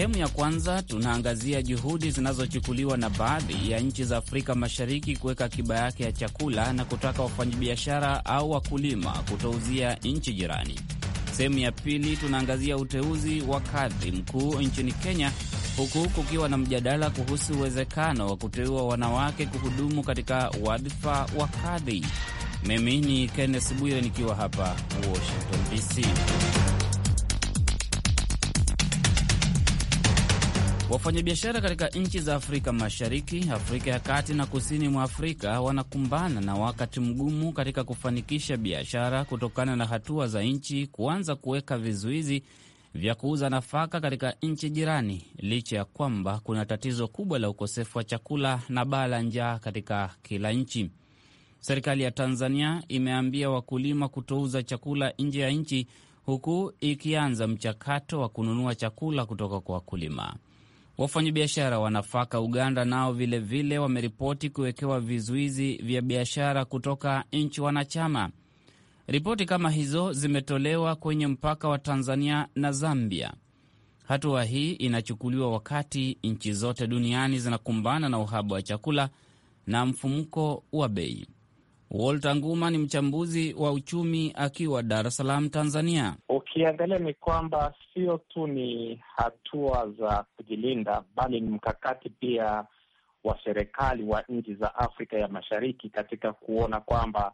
sehemu ya kwanza tunaangazia juhudi zinazochukuliwa na baadhi ya nchi za Afrika Mashariki kuweka akiba yake ya chakula na kutaka wafanyabiashara au wakulima kutouzia nchi jirani. Sehemu ya pili tunaangazia uteuzi wa kadhi mkuu nchini Kenya, huku kukiwa na mjadala kuhusu uwezekano wa kuteua wanawake kuhudumu katika wadhifa wa kadhi. Mimi ni Kenneth Bwire nikiwa hapa Washington DC. Wafanyabiashara katika nchi za Afrika Mashariki, Afrika ya Kati na kusini mwa Afrika wanakumbana na wakati mgumu katika kufanikisha biashara kutokana na hatua za nchi kuanza kuweka vizuizi vya kuuza nafaka katika nchi jirani, licha ya kwamba kuna tatizo kubwa la ukosefu wa chakula na baa la njaa katika kila nchi. Serikali ya Tanzania imeambia wakulima kutouza chakula nje ya nchi, huku ikianza mchakato wa kununua chakula kutoka kwa wakulima. Wafanyabiashara wa nafaka Uganda nao vilevile wameripoti kuwekewa vizuizi vya biashara kutoka nchi wanachama. Ripoti kama hizo zimetolewa kwenye mpaka wa Tanzania na Zambia. Hatua hii inachukuliwa wakati nchi zote duniani zinakumbana na uhaba wa chakula na mfumuko wa bei. Walter Nguma ni mchambuzi wa uchumi akiwa Dar es Salaam, Tanzania. Ukiangalia ni kwamba sio tu ni hatua za kujilinda, bali ni mkakati pia wa serikali wa nchi za Afrika ya Mashariki katika kuona kwamba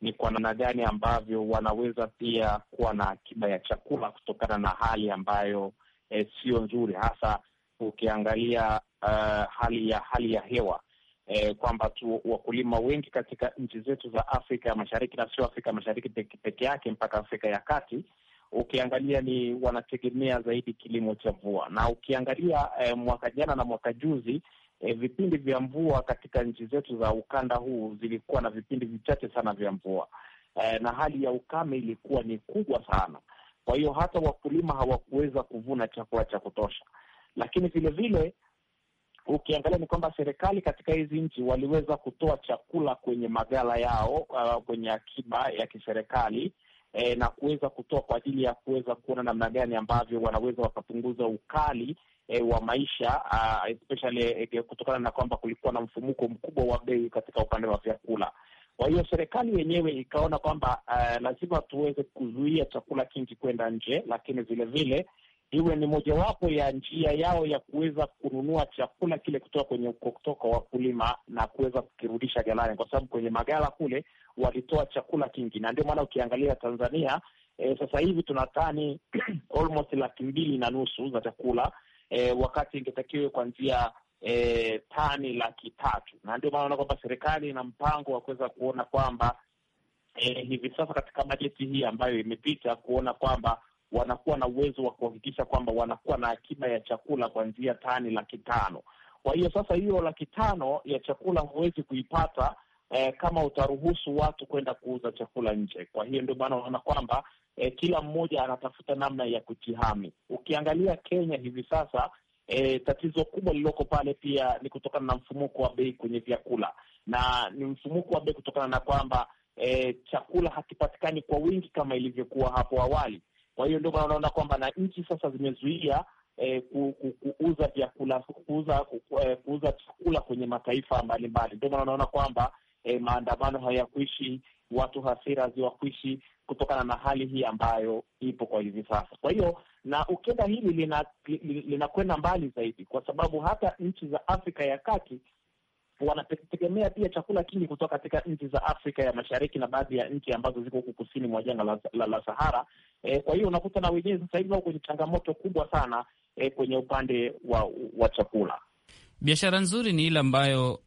ni kwa namna gani ambavyo wanaweza pia kuwa na akiba ya chakula kutokana na hali ambayo eh, sio nzuri, hasa ukiangalia uh, hali ya hali ya hewa eh, kwamba tu wakulima wengi katika nchi zetu za Afrika ya Mashariki na sio Afrika Mashariki peke yake, mpaka Afrika ya Kati ukiangalia ni wanategemea zaidi kilimo cha mvua, na ukiangalia eh, mwaka jana na mwaka juzi eh, vipindi vya mvua katika nchi zetu za ukanda huu zilikuwa na vipindi vichache sana vya mvua eh, na hali ya ukame ilikuwa ni kubwa sana. Kwa hiyo hata wakulima hawakuweza kuvuna chakula cha kutosha, lakini vilevile ukiangalia ni kwamba serikali katika hizi nchi waliweza kutoa chakula kwenye maghala yao, uh, kwenye akiba ya kiserikali e, na kuweza kutoa kwa ajili ya kuweza kuona namna gani ambavyo wanaweza wakapunguza ukali E, wa maisha uh, especially e, kutokana na kwamba kulikuwa na mfumuko mkubwa wa bei katika upande wa vyakula. Kwa hiyo serikali yenyewe ikaona kwamba uh, lazima tuweze kuzuia chakula kingi kwenda nje, lakini vilevile iwe ni mojawapo ya njia yao ya kuweza kununua chakula kile kutoka kwenye kutoka wakulima na kuweza kukirudisha galani kwa sababu kwenye maghala kule walitoa chakula kingi, na ndio maana ukiangalia Tanzania e, sasa hivi tuna tani almost laki mbili na nusu za chakula e, wakati ingetakiwa kuanzia e, tani laki tatu, na ndio maana kwamba serikali ina mpango wa kuweza kuona kwamba e, hivi sasa katika bajeti hii ambayo imepita kuona kwamba wanakuwa na uwezo wa kuhakikisha kwamba wanakuwa na akiba ya chakula kuanzia tani laki tano. Kwa hiyo sasa hiyo laki tano ya chakula huwezi kuipata eh, kama utaruhusu watu kwenda kuuza chakula nje. Kwa hiyo ndio maana unaona kwamba eh, kila mmoja anatafuta namna ya kujihami. Ukiangalia Kenya hivi sasa eh, tatizo kubwa lililoko pale pia ni kutokana na mfumuko wa bei kwenye vyakula, na ni mfumuko wa bei kutokana na kwamba eh, chakula hakipatikani kwa wingi kama ilivyokuwa hapo awali. Kwa hiyo ndio maana unaona kwamba na nchi sasa zimezuia eh, ku, ku, kuuza vyakula kuuza ku, eh, kuuza chakula kwenye mataifa mbalimbali. Ndio maana unaona kwamba eh, maandamano hayakuishi, watu hasira haziwakuishi kutokana na hali hii ambayo ipo kwa hivi sasa. Kwa hiyo na ukenda hili linakwenda lina mbali zaidi, kwa sababu hata nchi za Afrika ya Kati wanategemea pia chakula kingi kutoka katika nchi za Afrika ya Mashariki na baadhi ya nchi ambazo ziko huku kusini mwa jangwa la, la, la Sahara. E, kwa hiyo unakuta na wenyewe sasa hivi wako kwenye changamoto kubwa sana e, kwenye upande wa, wa chakula. Biashara nzuri ni ile ambayo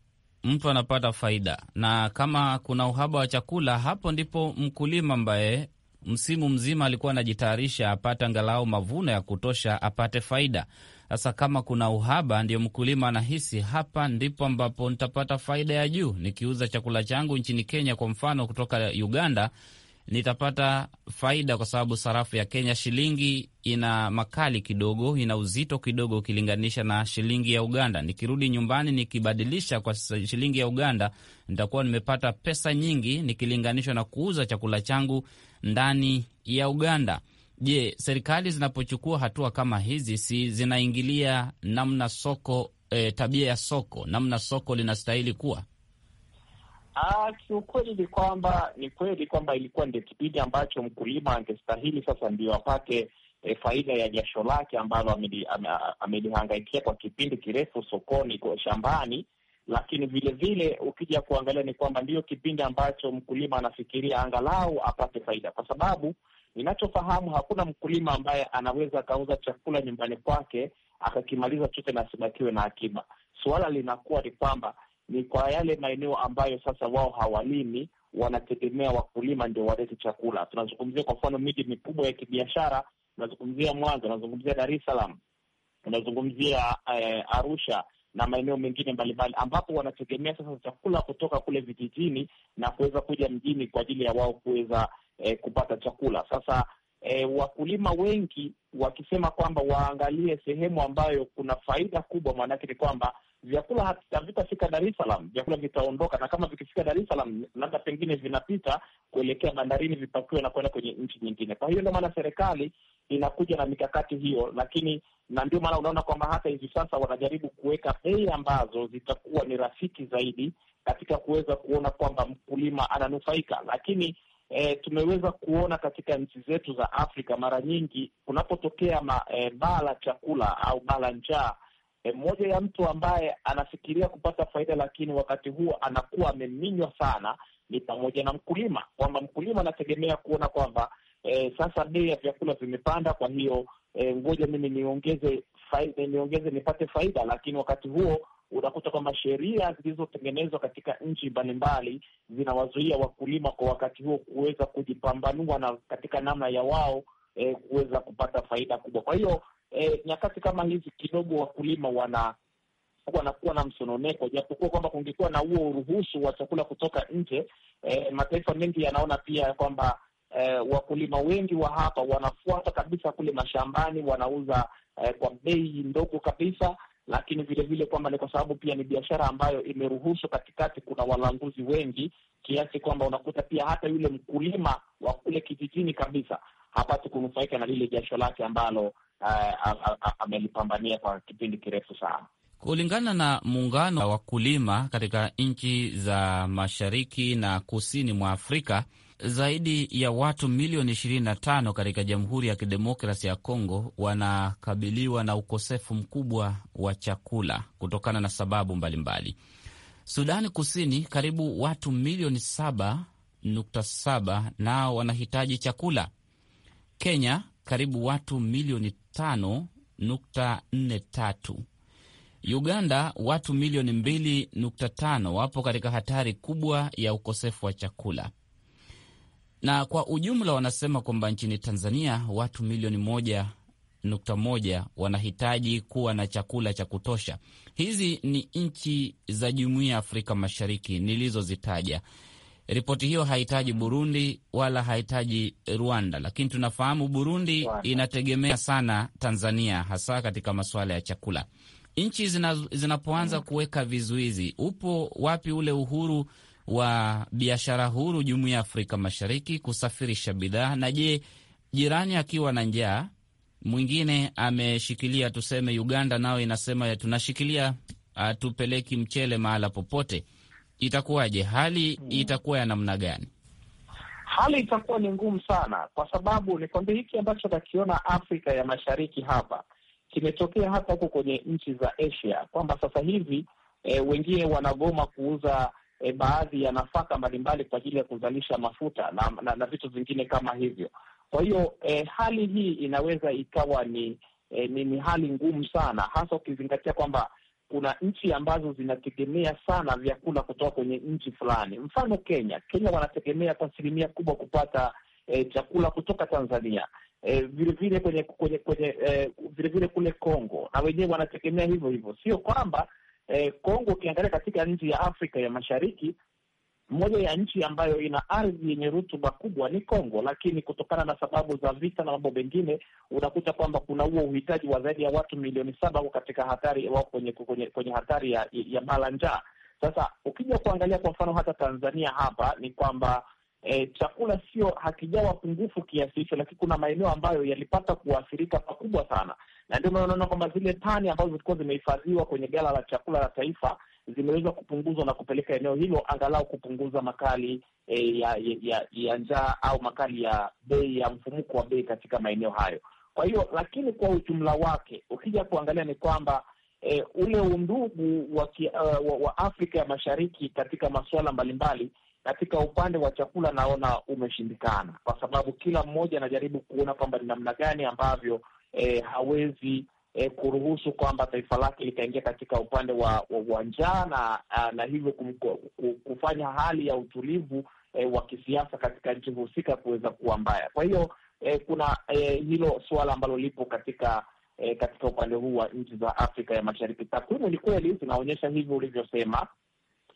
mtu anapata faida, na kama kuna uhaba wa chakula, hapo ndipo mkulima ambaye msimu mzima alikuwa anajitayarisha apate angalau mavuno ya kutosha apate faida. Sasa kama kuna uhaba, ndio mkulima anahisi hapa ndipo ambapo nitapata faida ya juu. Nikiuza chakula changu nchini Kenya kwa mfano kutoka Uganda nitapata faida kwa sababu sarafu ya Kenya shilingi ina makali kidogo, ina uzito kidogo ukilinganisha na shilingi ya Uganda. Nikirudi nyumbani nikibadilisha kwa shilingi ya Uganda, nitakuwa nimepata pesa nyingi nikilinganishwa na kuuza chakula changu ndani ya Uganda. Je, serikali zinapochukua hatua kama hizi, si zinaingilia namna soko e, tabia ya soko, namna soko linastahili kuwa? Ah, kiukweli ni kwamba ni kweli kwamba ilikuwa ndio kipindi ambacho mkulima angestahili sasa ndio apate e, faida ya jasho lake ambalo amelihangaikia kwa kipindi kirefu sokoni, kwa shambani. Lakini vile vile ukija kuangalia ni kwamba ndiyo kipindi ambacho mkulima anafikiria angalau apate faida, kwa sababu Ninachofahamu, hakuna mkulima ambaye anaweza akauza chakula nyumbani kwake akakimaliza chote na asibakiwe na akiba. Suala linakuwa ni kwamba ni kwa yale maeneo ambayo sasa wao hawalimi, wanategemea wakulima ndio walete chakula. Tunazungumzia kwa mfano miji mikubwa ya kibiashara, unazungumzia Mwanza, unazungumzia Dar es Salaam, unazungumzia eh, Arusha na maeneo mengine mbalimbali ambapo wanategemea sasa chakula kutoka kule vijijini na kuweza kuja mjini kwa ajili ya wao kuweza eh, kupata chakula. Sasa eh, wakulima wengi wakisema kwamba waangalie sehemu ambayo kuna faida kubwa, maanake ni kwamba vyakula havitafika Dar es Salaam, vyakula vitaondoka, na kama vikifika Dar es Salaam, labda pengine vinapita kuelekea bandarini, vipakiwe na kuenda kwenye nchi nyingine. Kwa hiyo ndio maana serikali inakuja na mikakati hiyo, lakini na ndio maana unaona kwamba hata hivi sasa wanajaribu kuweka bei ambazo zitakuwa ni rafiki zaidi katika kuweza kuona kwamba mkulima ananufaika, lakini e, tumeweza kuona katika nchi zetu za Afrika mara nyingi kunapotokea e, baa la chakula au baa la njaa e, mmoja ya mtu ambaye anafikiria kupata faida, lakini wakati huo anakuwa ameminywa sana, ni pamoja na mkulima, kwamba mkulima anategemea kuona kwamba e, sasa bei ya vyakula vimepanda, kwa hiyo ngoja e, mimi niongeze faida, niongeze nipate faida, lakini wakati huo unakuta kwamba sheria zilizotengenezwa katika nchi mbalimbali zinawazuia wakulima kwa wakati huo kuweza kujipambanua na katika namna ya wao e, kuweza kupata faida kubwa. Kwa hiyo e, nyakati kama hizi kidogo wakulima wana wanakuwa na msononeko, japokuwa kwamba kungekuwa na huo uruhusu wa chakula kutoka nje e, mataifa mengi yanaona pia kwamba e, wakulima wengi wa hapa wanafuata kabisa kule mashambani, wanauza e, kwa bei ndogo kabisa lakini vilevile kwamba ni kwa sababu pia ni biashara ambayo imeruhusu katikati kuna walanguzi wengi, kiasi kwamba unakuta pia hata yule mkulima wa kule kijijini kabisa hapati kunufaika na lile jasho lake ambalo eh, amelipambania kwa kipindi kirefu sana. Kulingana na muungano wa wakulima katika nchi za mashariki na kusini mwa Afrika zaidi ya watu milioni 25 katika Jamhuri ya Kidemokrasi ya Kongo wanakabiliwa na ukosefu mkubwa wa chakula kutokana na sababu mbalimbali. Sudani Kusini, karibu watu milioni 7.7 nao wanahitaji chakula. Kenya, karibu watu milioni 5.43. Uganda, watu milioni 2.5 wapo katika hatari kubwa ya ukosefu wa chakula na kwa ujumla wanasema kwamba nchini Tanzania watu milioni moja nukta moja wanahitaji kuwa na chakula cha kutosha. Hizi ni nchi za jumuiya ya Afrika Mashariki nilizozitaja. Ripoti hiyo haihitaji Burundi wala hahitaji Rwanda, lakini tunafahamu Burundi inategemea sana Tanzania, hasa katika masuala ya chakula. Nchi zinapoanza mm. kuweka vizuizi, upo wapi ule uhuru wa biashara huru Jumuiya ya Afrika Mashariki kusafirisha bidhaa. Na je, jirani akiwa na njaa, mwingine ameshikilia, tuseme Uganda nayo inasema tunashikilia, hatupeleki mchele mahala popote, itakuwaje? Hali hmm. itakuwa ya namna gani? Hali itakuwa ni ngumu sana, kwa sababu ni nikwambia, hiki ambacho nakiona Afrika ya Mashariki hapa kimetokea hata huko kwenye nchi za Asia, kwamba sasa hivi e, wengine wanagoma kuuza e, baadhi ya nafaka mbalimbali kwa ajili ya kuzalisha mafuta na, na, na vitu vingine kama hivyo. Kwa hiyo e, hali hii inaweza ikawa ni, e, ni, ni hali ngumu sana, hasa ukizingatia kwamba kuna nchi ambazo zinategemea sana vyakula kutoka kwenye nchi fulani. Mfano Kenya, Kenya wanategemea kwa asilimia kubwa kupata e, chakula kutoka Tanzania vilevile, vile kwenye kwenye kwenye vilevile e, vile kule Kongo na wenyewe wanategemea hivyo hivyo, sio kwamba eh, Kongo ukiangalia katika nchi ya Afrika ya Mashariki, moja ya nchi ambayo ina ardhi yenye rutuba kubwa ni Kongo, lakini kutokana na sababu za vita na mambo mengine, unakuta kwamba kuna huo uhitaji wa zaidi ya watu milioni saba wako katika hatari, wako kwenye, kwenye, kwenye hatari ya, ya bala njaa. Sasa ukija kuangalia kwa mfano hata Tanzania hapa ni kwamba e, chakula sio hakijawa pungufu kiasi hicho, lakini kuna maeneo ambayo yalipata kuathirika pakubwa sana, na ndio maana unaona kwamba zile tani ambazo zilikuwa zimehifadhiwa kwenye gala la chakula la taifa zimeweza kupunguzwa na kupeleka eneo hilo angalau kupunguza makali e, ya, ya, ya, ya njaa au makali ya bei ya mfumuko wa bei katika maeneo hayo. Kwa hiyo lakini kwa ujumla wake ukija kuangalia ni kwamba e, ule undugu wa, uh, wa, wa Afrika ya Mashariki katika masuala mbalimbali katika upande wa chakula naona umeshindikana, kwa sababu kila mmoja anajaribu kuona kwamba ni namna gani ambavyo e, hawezi e, kuruhusu kwamba taifa lake likaingia katika upande wa, wa njaa na, ah, na hivyo kufanya hali ya utulivu e, wa kisiasa katika nchi husika kuweza kuwa mbaya. Kwa hiyo e, kuna e, hilo suala ambalo lipo katika E, katika upande huu wa nchi za Afrika ya Mashariki, takwimu ni kweli zinaonyesha hivyo ulivyosema,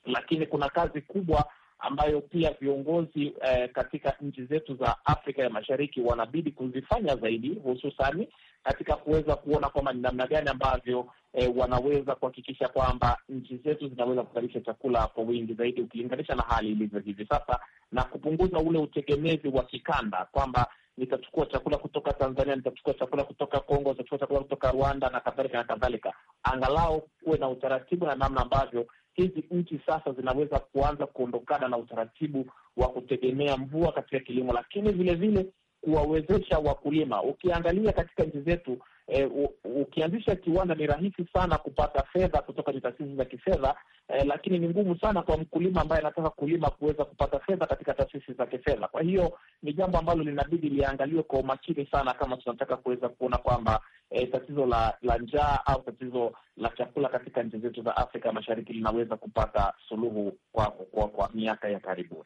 lakini kuna kazi kubwa ambayo pia viongozi eh, katika nchi zetu za Afrika ya Mashariki wanabidi kuzifanya zaidi, hususani katika kuweza kuona kwamba ni namna gani ambavyo eh, wanaweza kuhakikisha kwamba nchi zetu zinaweza kuzalisha chakula kwa wingi zaidi ukilinganisha na hali ilivyo hivi sasa, na kupunguza ule utegemezi wa kikanda kwamba nitachukua chakula kutoka Tanzania, nitachukua chakula kutoka Kongo, nitachukua chakula kutoka Rwanda na kadhalika na kadhalika. Angalau kuwe na utaratibu na namna ambavyo hizi nchi sasa zinaweza kuanza kuondokana na utaratibu wa kutegemea mvua katika kilimo, lakini vilevile kuwawezesha wakulima. Ukiangalia katika nchi zetu e, ukianzisha kiwanda ni rahisi sana kupata fedha kutoka taasisi za kifedha e, lakini ni ngumu sana kwa mkulima ambaye anataka kulima kuweza kupata fedha katika taasisi za kifedha. Kwa hiyo ni jambo ambalo linabidi liangaliwe kwa umakini sana, kama tunataka kuweza kuona kwamba e, tatizo la, la njaa au tatizo la chakula katika nchi zetu za Afrika Mashariki linaweza kupata suluhu kwa, kwa, kwa, kwa miaka ya karibuni.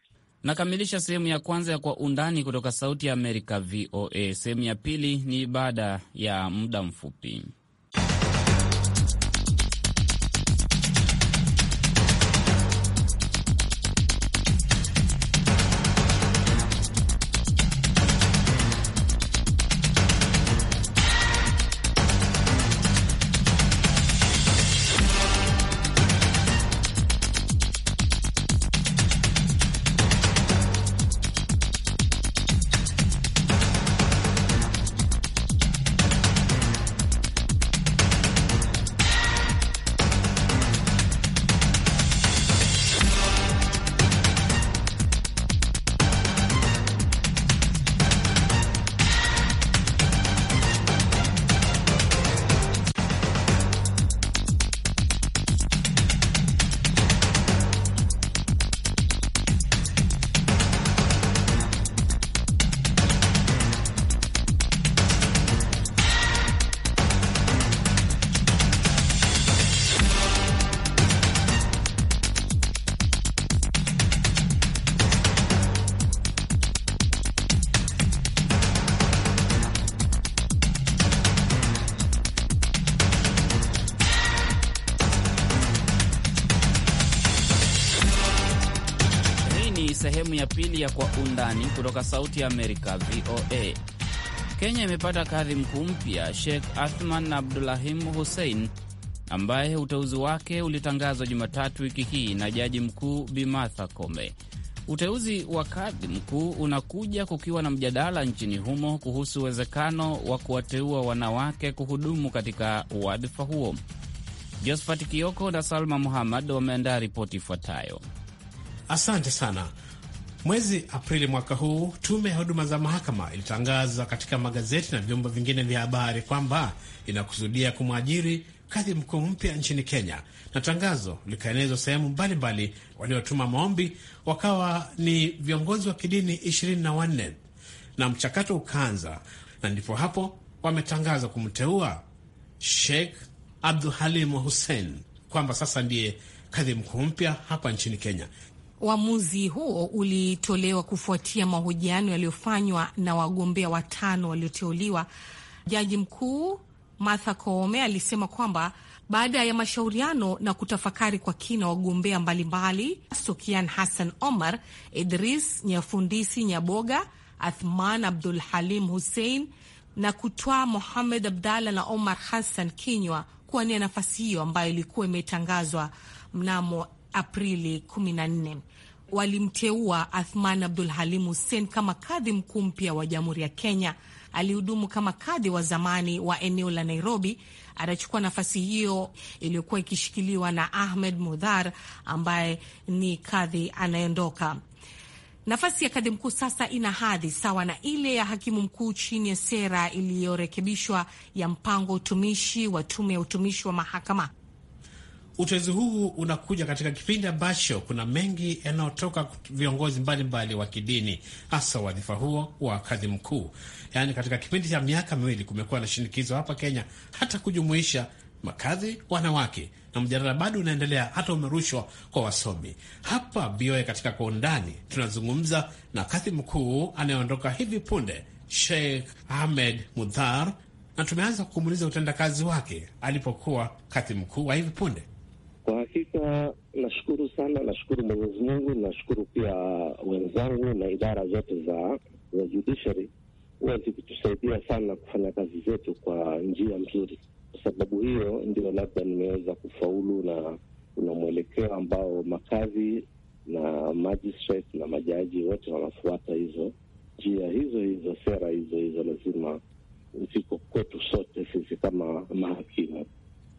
Nakamilisha sehemu ya kwanza ya Kwa Undani kutoka Sauti ya Amerika, VOA. Sehemu ya pili ni baada ya muda mfupi. Undani kutoka Sauti Amerika, VOA. Kenya imepata kadhi mkuu mpya Sheikh Athman Abdulahim Hussein ambaye uteuzi wake ulitangazwa Jumatatu wiki hii na jaji mkuu bimatha kome Uteuzi wa kadhi mkuu unakuja kukiwa na mjadala nchini humo kuhusu uwezekano wa kuwateua wanawake kuhudumu katika wadhifa huo. Josphat Kioko na Salma Muhammad wameandaa ripoti ifuatayo. Asante sana. Mwezi Aprili mwaka huu, tume ya huduma za mahakama ilitangaza katika magazeti na vyombo vingine vya habari kwamba inakusudia kumwajiri kadhi mkuu mpya nchini Kenya, na tangazo likaenezwa sehemu mbalimbali. Waliotuma maombi wakawa ni viongozi wa kidini ishirini na wanne na mchakato ukaanza, na ndipo hapo wametangaza kumteua Sheikh Abdul Halim Hussein kwamba sasa ndiye kadhi mkuu mpya hapa nchini Kenya. Uamuzi huo ulitolewa kufuatia mahojiano yaliyofanywa na wagombea watano walioteuliwa. Jaji mkuu Martha Koome alisema kwamba baada ya mashauriano na kutafakari kwa kina wagombea mbalimbali, Sukian Hassan Omar, Idris Nyafundisi Nyaboga, Athman Abdul Halim Hussein na kutoa Mohamed Abdalla na Omar Hassan Kinywa kuwania nafasi hiyo ambayo ilikuwa imetangazwa mnamo Aprili 14 walimteua Athman Abdul Halim Hussein kama kadhi mkuu mpya wa Jamhuri ya Kenya. Alihudumu kama kadhi wa zamani wa eneo la Nairobi. Atachukua nafasi hiyo iliyokuwa ikishikiliwa na Ahmed Mudhar ambaye ni kadhi anayeondoka. Nafasi ya kadhi mkuu sasa ina hadhi sawa na ile ya hakimu mkuu chini ya sera iliyorekebishwa ya mpango utumishi wa tume ya utumishi wa mahakama Uteuzi huu unakuja katika kipindi ambacho kuna mengi yanayotoka viongozi mbalimbali wa kidini, hasa wadhifa huo wa kadhi mkuu. Yaani, katika kipindi cha miaka miwili kumekuwa na shinikizo hapa Kenya hata kujumuisha makadhi wanawake, na mjadala bado unaendelea, hata umerushwa kwa wasomi hapa bioe. Katika kwa undani tunazungumza na kadhi mkuu anayeondoka hivi punde, Sheikh Ahmed Mudhar, na tumeanza kumuuliza utendakazi wake alipokuwa kadhi mkuu wa hivi punde. Kwa hakika nashukuru sana, nashukuru Mwenyezi Mungu, nashukuru pia wenzangu na idara zote za za judiciary huwa zikitusaidia sana kufanya kazi zetu kwa njia nzuri. Kwa sababu hiyo ndio labda nimeweza kufaulu na kuna mwelekeo ambao makazi na magistrate na majaji wote wanafuata hizo njia hizo hizo, sera hizo hizo lazima ziko kwetu sote sisi kama mahakimu.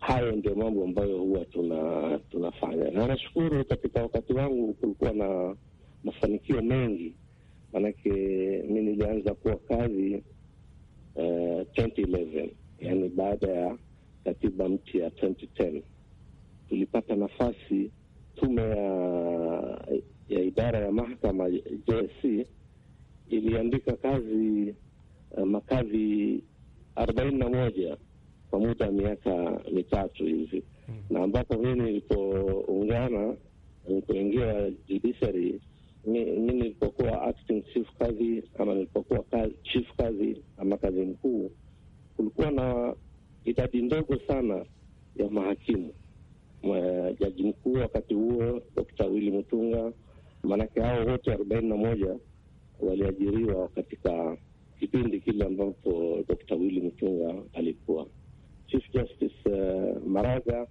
Hayo ndio mambo ambayo huwa tuna tunafanya, na nashukuru katika wakati wangu kulikuwa na mafanikio mengi, maanake mi nilianza kuwa kazi uh, eh, 2011 yani baada ya katiba mpya ya 2010 tulipata nafasi tume ya, ya idara ya mahakama JSC iliandika kazi uh, makazi arobaini na moja kwa muda wa miaka mitatu hivi hmm. na ambapo mimi nilipoungana nilipoingia judiciary mi nilipokuwa acting chief kazi ama nilipokuwa kazi, chief kazi ama kazi mkuu, kulikuwa na idadi ndogo sana ya mahakimu. jaji mkuu wakati huo Dkt. Willy Mutunga, maanake hao wote arobaini na moja waliajiriwa katika kipindi kile ambapo Dkt. Willy Mutunga alikuwa Chief Justice uh, Maraga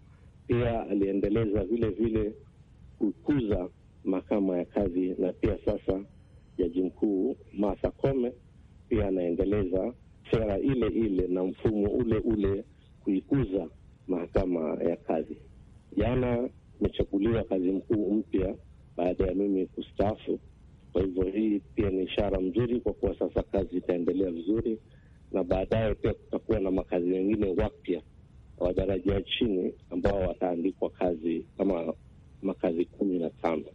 pia aliendeleza vile vile kukuza mahakama ya kazi, na pia sasa jaji mkuu Martha Koome pia anaendeleza sera ile ile na mfumo ule ule kuikuza mahakama ya kazi. Jana imechaguliwa kazi mkuu mpya baada ya mimi kustaafu. Kwa hivyo hii pia ni ishara mzuri, kwa kuwa sasa kazi itaendelea vizuri na baadaye pia kutakuwa na makazi mengine wapya wa daraja ya chini ambao wataandikwa kazi kama makazi kumi na tano.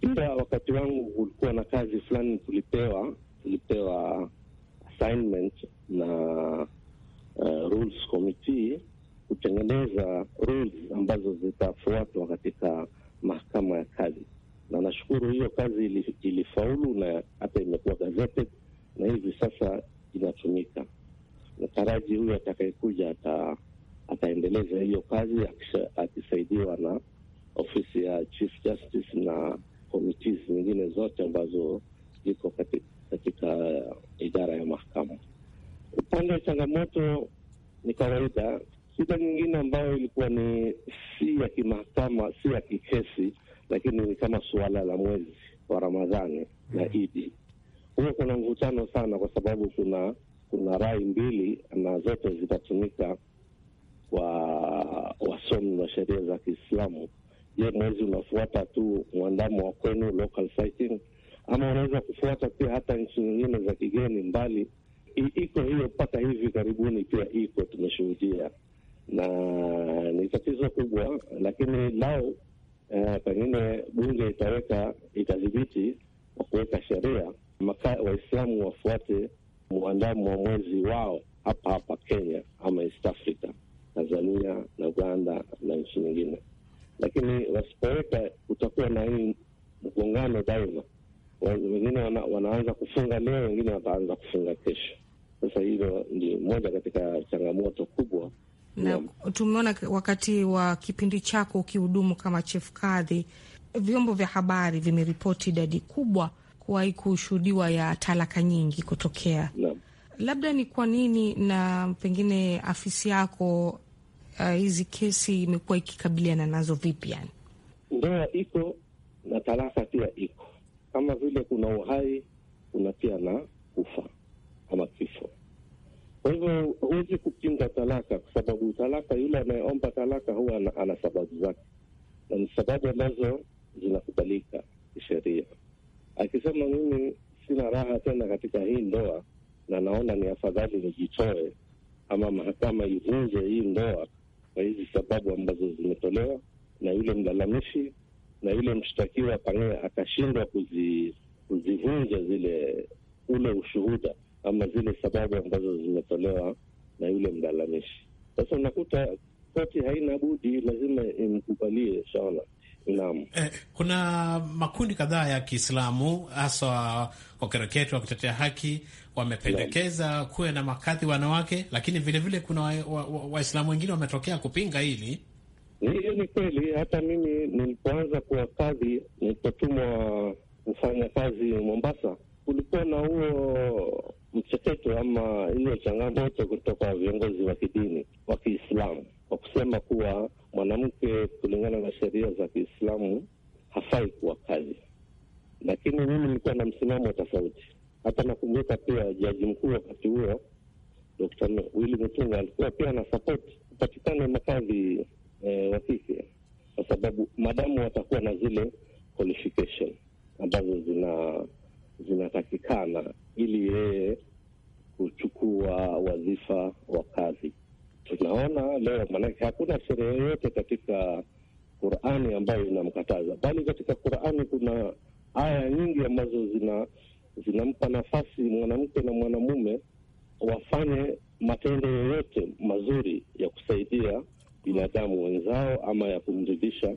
Pia wakati wangu kulikuwa na kazi fulani tulipewa tulipewa assignment na uh, rules committee kutengeneza rules ambazo zitafuatwa katika mahakama ya kazi, na nashukuru hiyo kazi ili, ilifaulu na hata imekuwa gazetted na hivi sasa zinatumika. Nataraji huyu atakayekuja ata, ataendeleza hiyo kazi akisaidiwa na ofisi ya Chief Justice na committees nyingine zote ambazo ziko katika, katika uh, idara ya mahakama. Upande wa changamoto ni kawaida. Shida nyingine ambayo ilikuwa ni si ya kimahakama, si ya kikesi, lakini ni kama suala la mwezi wa Ramadhani na Idi Huwa kuna mvutano sana, kwa sababu kuna kuna rai mbili na zote zitatumika kwa wasomi wa sheria za Kiislamu. Je, mwezi unafuata tu mwandamo wa kwenu local ama unaweza kufuata pia hata nchi nyingine za kigeni mbali? Iko hiyo mpaka hivi karibuni pia iko tumeshuhudia, na ni tatizo kubwa, lakini lao eh, pengine bunge itaweka itadhibiti kwa kuweka sheria Waislamu wafuate mwandamu wa mwezi wao hapa hapa Kenya ama East Africa, Tanzania na Uganda na nchi nyingine, lakini wasipoweka kutakuwa na hii mgongano daima. Wengine wana, wanaanza kufunga leo, wengine wataanza kufunga kesho. Sasa hilo ni moja katika changamoto kubwa na tumeona wakati wa kipindi chako ukihudumu kama chefu kadhi, vyombo vya habari vimeripoti idadi kubwa hakuwahi kushuhudiwa ya talaka nyingi kutokea na. Labda ni kwa nini na pengine afisi yako uh, hizi uh, kesi imekuwa ikikabiliana nazo vipi? Yani ndoa iko na talaka pia iko kama vile kuna uhai, kuna pia na kufa ama kifo. Kwa hivyo huwezi kupinga talaka, kwa sababu talaka, yule anayeomba talaka huwa ana sababu zake, na ni sababu ambazo zinakubalika kisheria akisema mimi sina raha tena katika hii ndoa na naona ni afadhali nijitoe, ama mahakama ivunje hii ndoa kwa hizi sababu ambazo zimetolewa na yule mlalamishi na yule mshtakiwa, pengine akashindwa kuzi, kuzivunja zile ule ushuhuda ama zile sababu ambazo zimetolewa na yule mlalamishi. Sasa unakuta koti haina budi, lazima imkubalie shaula Naam. Eh, kuna makundi kadhaa ya Kiislamu hasa wakereketi wa kutetea haki wamependekeza kuwe na makadhi wanawake, lakini vilevile vile kuna Waislamu wa, wa wengine wametokea kupinga hili. Hiyo ni kweli. Hata mimi nilipoanza kuwa kadhi, nilipotumwa kufanya kazi Mombasa, kulikuwa na huo mcheketo ama hiyo changamoto kutoka viongozi wa kidini wa Kiislamu kwa kusema kuwa mwanamke kulingana na sheria za Kiislamu hafai kuwa kazi, lakini mimi nilikuwa na msimamo tofauti. Hata nakumbuka pia jaji mkuu wakati huo Dkt. Willy Mutunga alikuwa pia na sapoti upatikane makadhi e, eh, wa kike, kwa sababu madamu watakuwa na zile qualification. maanake hakuna sheria yoyote katika Qurani ambayo inamkataza, bali katika Qurani kuna aya nyingi ambazo zina zinampa nafasi mwanamke na mwanamume wafanye matendo yoyote mazuri ya kusaidia binadamu wenzao ama ya kumridhisha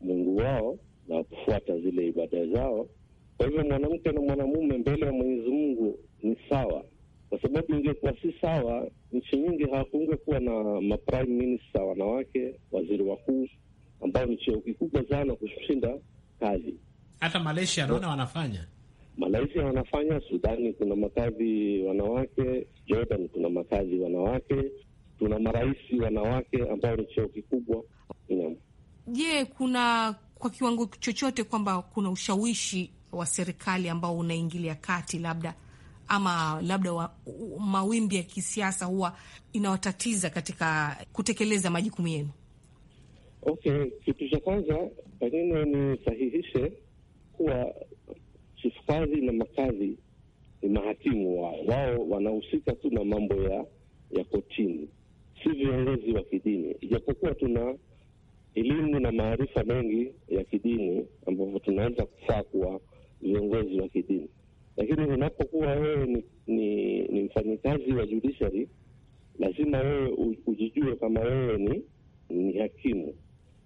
Mungu wao na kufuata zile ibada zao. Kwa hivyo mwanamke na mwanamume mbele ya Mwenyezi Mungu ni sawa, kwa sababu ingekuwa si sawa, nchi nyingi hakungekuwa na maprime minister wanawake, waziri wakuu ambao ni cheo kikubwa sana kushinda kazi. Hata Malaysia naona wanafanya, Malaysia wanafanya, Sudani kuna makazi wanawake, Jordan kuna makazi wanawake, tuna marais wanawake ambao ni cheo kikubwa. Je, kuna kwa kiwango chochote kwamba kuna ushawishi wa serikali ambao unaingilia kati labda ama labda wa mawimbi ya kisiasa huwa inawatatiza katika kutekeleza majukumu yenu? Okay, kitu cha kwanza pengine nisahihishe kuwa sifukadhi na makazi ni mahakimu wao, wao wanahusika tu na mambo ya ya kotini, si viongozi wa kidini, ijapokuwa tuna elimu na maarifa mengi ya kidini ambavyo tunaweza kufaa kuwa viongozi wa kidini lakini unapokuwa wewe ni, ni, ni mfanyikazi wa judiciary lazima wewe ujijue kama wewe ni, ni hakimu.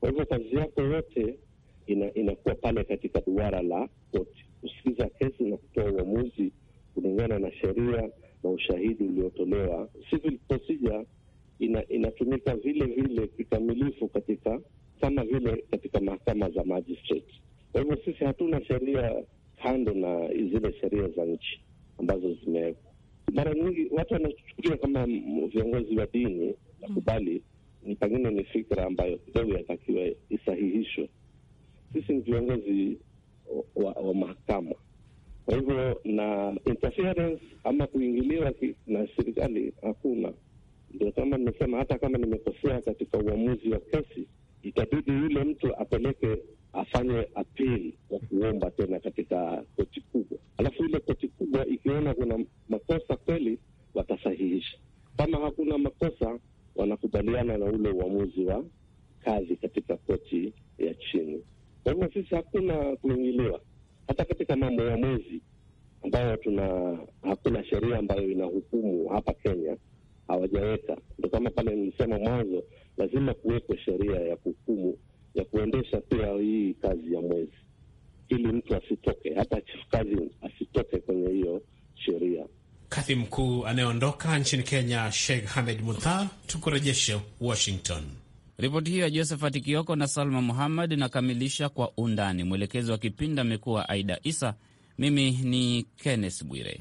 Kwa hivyo kazi yako yote ina, inakuwa pale katika duara la koti, kusikiza kesi na kutoa uamuzi kulingana na sheria na ushahidi uliotolewa. Civil procedure ina, inatumika vile vile kikamilifu katika kama vile katika mahakama za magistrate. Kwa hivyo sisi hatuna sheria kando na zile sheria za nchi ambazo zimewekwa. Mara nyingi watu wanachukulia kama viongozi wa dini nakubali, ni pengine ni fikra ambayo kidogo yatakiwa isahihishwe. Sisi ni viongozi wa, wa mahakama, kwa hivyo na interference ama kuingiliwa na serikali hakuna. Ndio kama nimesema, hata kama nimekosea katika uamuzi wa kesi, itabidi yule mtu apeleke afanye apili wa kuomba tena katika koti kubwa, alafu ile koti kubwa ikiona kuna makosa kweli watasahihisha. Kama hakuna makosa, wanakubaliana na ule uamuzi wa kazi katika koti ya chini. Kwa hivyo sisi hakuna kuingiliwa hata katika mambo ya mwezi ambayo tuna hakuna sheria ambayo inahukumu hapa Kenya, hawajaweka. Ndo kama pale nilisema mwanzo, lazima kuwekwe sheria ya kuhukumu ya kuendesha pia hii kazi ya mwezi, ili mtu asitoke hata kazi asitoke kwenye hiyo sheria. Kadhi mkuu anayeondoka nchini Kenya, Sheikh Hamed mutha Tukurejeshe Washington. Ripoti hiyo ya Josephat Kioko na Salma Muhammad inakamilisha kwa undani. Mwelekezi wa kipindi amekuwa Aida Isa, mimi ni Kenneth Bwire.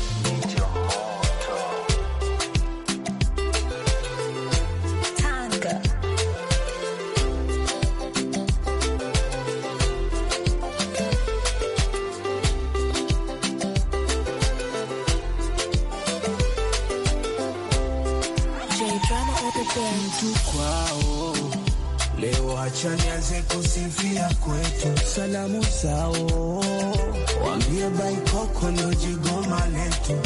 kupea mtu kwao. Leo acha nianze kusifia kwetu, salamu zao wambie baikoko na jigoma letu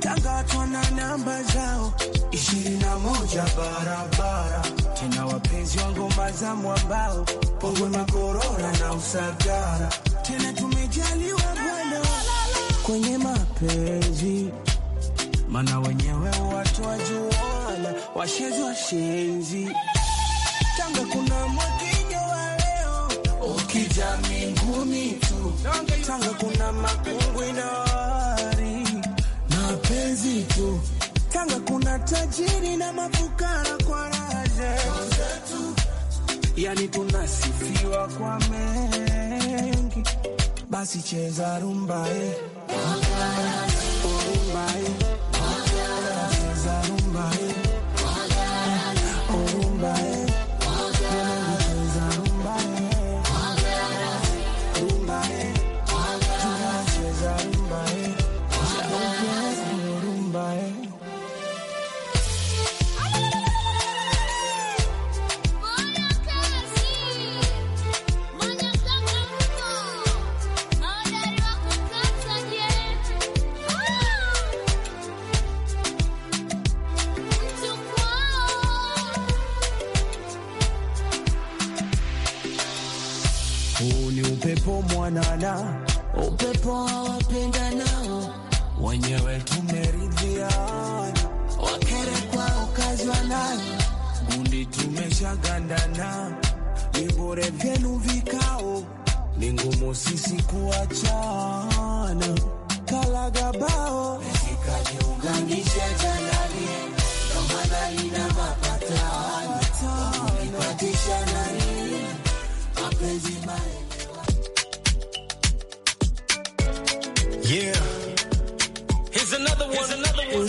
Tanga watu twana namba zao ishirini na moja barabara tena, wapenzi wa ngoma za mwambao Pongwe, Magorora na Usagara tena, tumejaliwa bwana kwenye mapenzi, mana wenyewe watu wajua washezi washenzi tangu kuna mwakinyo wa leo ukija mbinguni tu tangu kuna makungwi na wari mapenzi tu tanga kuna tajiri na mafukara kwa raje yani tunasifiwa kwa mengi basi cheza rumbae eh. rumbae eh. mwanana, upepo wawapenda nao wenyewe, tumeridhia, wakere kwa kazi wanayo, gundi tumeshagandana, vibore vyenu vikao, ni ngumu sisi kuachana, kalagabao amana mapatano nani mapenzi Ipo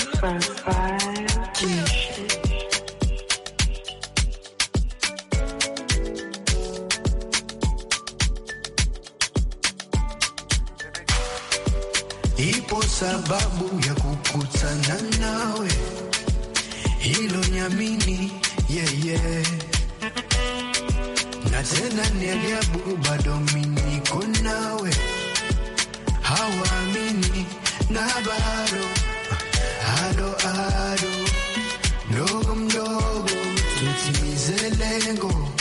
sababu ya kukutana nawe, hilo nyamini yeye yeah, yeah. Na tena ni ajabu bado miniko nawe hawaamini na bado ado ado, ndogo mdogo tutimize lengo